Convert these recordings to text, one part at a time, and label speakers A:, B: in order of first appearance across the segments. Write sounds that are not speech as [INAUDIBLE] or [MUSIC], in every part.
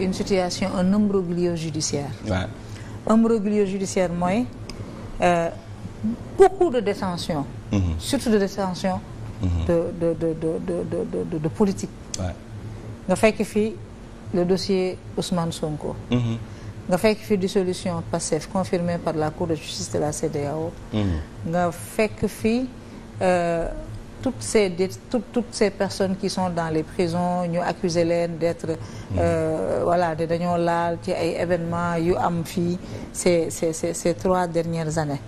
A: une situation un imbroglio judiciaire. waaw ouais. imbroglio judiciaire mooy euh, beaucoup de détention. Mm surtout de détention. Mm de de de de de de de, politique. nga fekk fii le dossier Ousmane Sonko. Mm -hmm. nga fekk fi dissolution PASTEF confirmée par la Cour de justice de la CEDEAO. Mm-hmm. nga fekk fi. Euh, toutes ces tout, toutes ces personnes qui sont dans les prisons ñu accuser leen d'être euh, mm-hmm. de dañoo laal ci ay événements yu am fii ces ces ces ces trois dernières années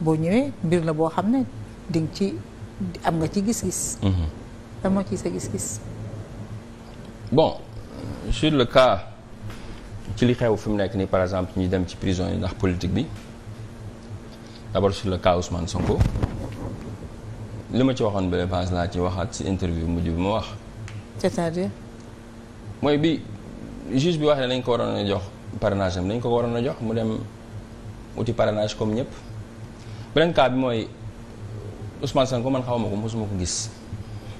A: boo ñëwee mbir la boo xam ne di nga ci am nga ci gis-gis mm-hmm. lan moo ci sa gis-gis
B: bon sur le cas ci li xew fi mu nekk nii par exemple ñu dem ci prison yi ndax politique bi d'abord sur le cas Ousmane Sonko li ma ci waxoon ba pass laa ci waxaat si interview mujj bi ma wax. c'est-à-dire. mooy bi juge bi wax ne dañ ko waroon a jox parrainage am dañ ko waroon a jox mu dem uti parrainage comme ñëpp beneen cas bi mooy Ousmane Sonko man xaw ma ko mosuma ko gis.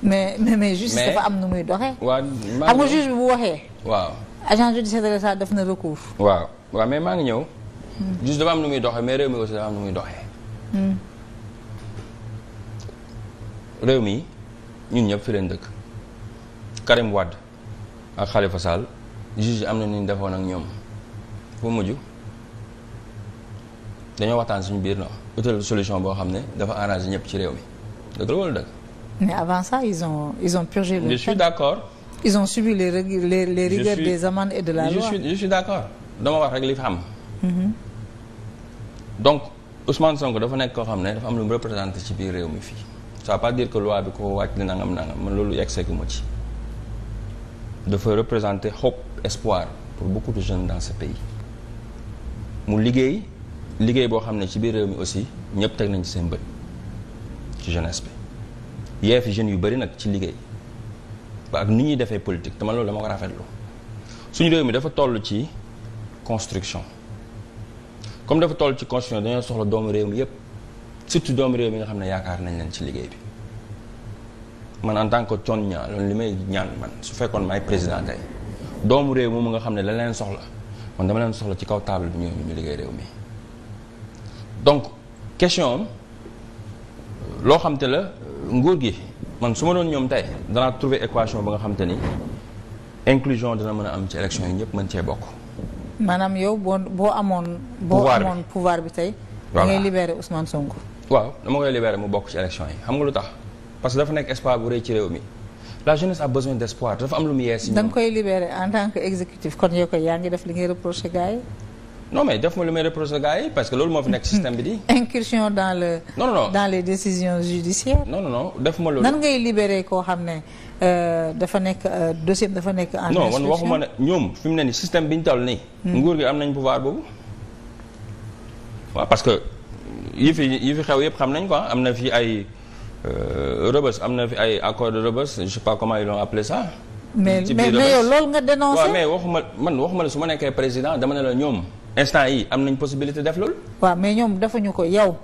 A: mais mais mais dafa am nu muy doxee.
B: waaw xam nga
A: waxee. waaw agent judiciaire de def na recours.
B: waaw waaw mais maa ngi ñëw. Hmm. juge dafa am nu muy doxee mais réew mi aussi dafa am nu muy doxee. Hmm. réew mi ñun ñëpp fi leen dëkk Karim Wade ak Khalifa Sall juge am na ni ñu defoon ak ñoom fu mujj dañoo waxtaan suñu biir na utal solution boo xam ne dafa arrangé ñëpp ci réew mi dëgg la wala dëgg.
A: mais avant ça ils ont ils ont purgé le. je suis d'accord. les les les rigueurs et de la loi. je
B: suis je dama wax rek li fi xam. Mm-hmm. donc Ousmane Sonko dafa nekk koo xam ne dafa am lu mu représenté ci biir réew mi fii. ça veut pas dire que loi bi ko wàcc na nangam nangam man loolu yegg seegu ma ci dafa représenter hope espoir pour beaucoup de jeunes dans ce pays mu liggéey liggéey boo xam ne ci biir réew mi aussi ñëpp teg nañ ci seen bët ci jeunesse bi yee fi jeunes yu bëri nag ci liggéey ba ak ni ñuy defee politique te man loolu dama ko rafetlu suñu réew mi dafa toll ci construction comme dafa toll ci construction dañoo soxla doomu réew mi yëpp surtout doomu réew mi nga xam ne nañ leen ci liggéey bi man en tant que con ñaar loolu li may ñaan man su fekkoon maay président tey doomu réew moom nga xam ne la leen soxla man dama leen soxla ci kaw table bi ñu ñu liggéey réew mi donc question am loo xamte te la nguur gi man su ma doon ñoom tey danaa trouver équation ba nga xam ni inclusion dana mën a am ci élection yi ñëpp mën cee bokk.
A: maanaam yow boo boo amoon. boo amoon pouvoir bi tey. da ngay libérer Ousmane Sonko.
B: waaw dama koy libérer mu bokk ci élection yi xam nga lu tax. parce que dafa nekk espoir bu rëy ci réew mi la jeunesse a besoin d'espoir dafa am lu mu yee si ñoom.
A: koy libérer en tant que exécutif kon yow koy yaa ngi def li ngay reproché gars
B: yi. def ma lu may reproché yi parce que loolu moo fi nekk système bi di.
A: [LAUGHS] incursion dans le. non non dans les décisions judiciaires. non
B: non non def ma loolu. nan ngay
A: libérer koo xam ne euh, dafa nekk euh, dossier dafa nekk. en non man waxuma ne
B: ñoom fi mu ne nii système bi ñu toll nii. Hmm. nguur gi am nañ pouvoir boobu. waaw parce que yi fi fi xew yëpp xam nañ quoi ah. am na fi ay. Euh, Rebeuss am na fi ay accord de Rebeuss je sais pas comment ils l'ont appelé
A: mais mais yow loolu nga dénoncé. mais
B: waxuma man waxuma ne su ma nekkee président dama ne la ñoom instant yi am nañ possibilité def loolu. waaw mais ñoom defuñu ko yow.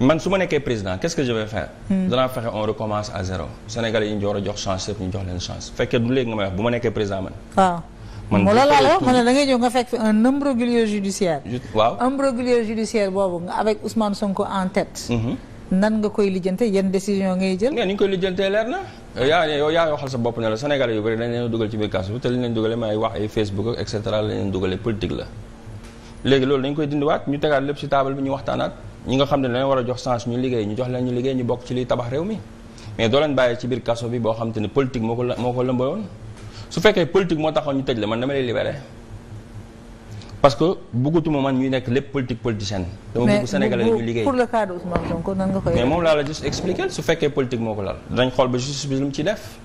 B: man su ma nekkee président qu'est-ce que je vais faire. Hmm. danaa fexe on recommence à zéro. Sénégalais yi ñu a jox chance yëpp ñu jox leen chance fekkee du léegi nga may wax bu ma nekkee président man. Ah. waaw.
A: man mu la nan nga koy lijjante yan décision ngay jël. ni ñu koy
B: lijjantee leer na. yaa yow yaa waxal sa bopp ne la Sénégal yu bëri dañ leen dugal ci biir kaso bi te li ñu leen loolu dañ koy dindiwaat ñu tegaat lépp ci table bi ñu waxtaanaat ñi nga xam ne dañoo war a jox chance ñu liggéey ñu jox leen ñu liggéey ñu bokk ci liy tabax réew mi mais doo leen bàyyi ci biir kaso bi boo xam te ne politique moo ko moo ko lëmbaloon su fekkee politique moo taxoon ñu tëj la man dama lay libéré parce que bëggatuma man ñu nekk lépp politique politicienne. dama bëgg Sénégalais ñu liggéey pour le
A: cas de Ousmane nga koy. mais moom
B: laa la juste expliquer su fekkee politique moo ko laal dañ xool ba justice bi ci def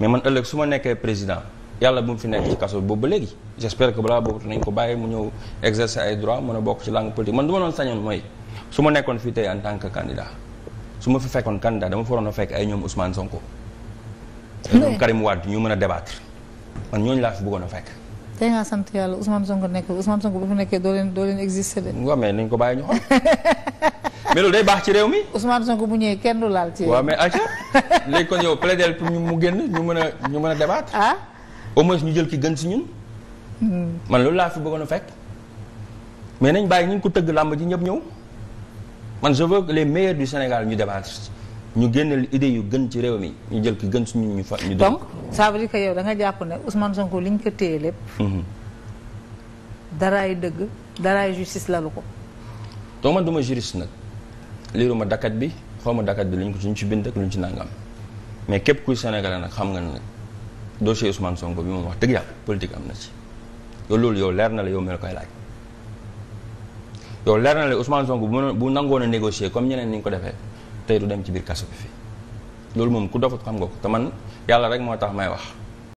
B: mais man ëllëg su ma nekkee président yàlla bu mu fi nekk ci kaso boobu ba léegi j' espère que balaa boobu nañ ko bàyyi mu ñëw exercer ay droit mën a bokk ci langue politique man du ma doon sañoon mooy su ma nekkoon fii tey en tant que candidat su ma fi fekkoon candidat dama fa waroon a fekk ay ñoom Ousmane Sonko. ay ñoom Karim ñu mën a débattre man ñooñu laa fi bëggoon a fekk
A: tey ngaa sant yàlla Ousmane Sonko nekk Ousmane Sonko bu fi nekkee doo leen doo leen existé de.
B: waaw mais nañ ko bàyyi ñu xool [LAUGHS] mais loolu day baax ci réew mi.
A: Ousmane Sonko bu ñëwee kenn du laal ci. waaw mais
B: ayca léegi kon yow plaidel pour ñu mu génn ñu mën a ñu mën a débattre. ah au moins ñu jël ki gën si ñun. Hmm. man loolu laa fi bëggoon a fekk. mais nañ bàyyi ñu ngi ko tëgg làmb ji ñëp ñëw man so veux les meilleurs du Sénégal ñu débattre. ñu génneel idée yu gën ci réew mi ñu jël ki gën suñu ñu fa ñu. donc
A: ça veut dire que da nga jàpp ne Ousmane Sonko li ñu ko téye lépp. Mhm. yi dëgg yi justice lalu ko.
B: donc man du ma juriste nag liiruma dakat bi xaw ma dakat bi luñ ko ci ñu ci bind ak luñ ci nangam mais képp kuy Sénégalais nag xam nga ne nag dossier Ousmane Sonko bi moom wax dëgg yàlla politique am na si yow loolu yow leer na la yow mi la koy laaj. yow leer na la Ousmane Sonko bu nangoon a négocier comme ñeneen ni ñu ko defee. tey du dem ci biir kaso bi fii loolu moom ku dofut xam nga ko te man yàlla rek moo tax may wax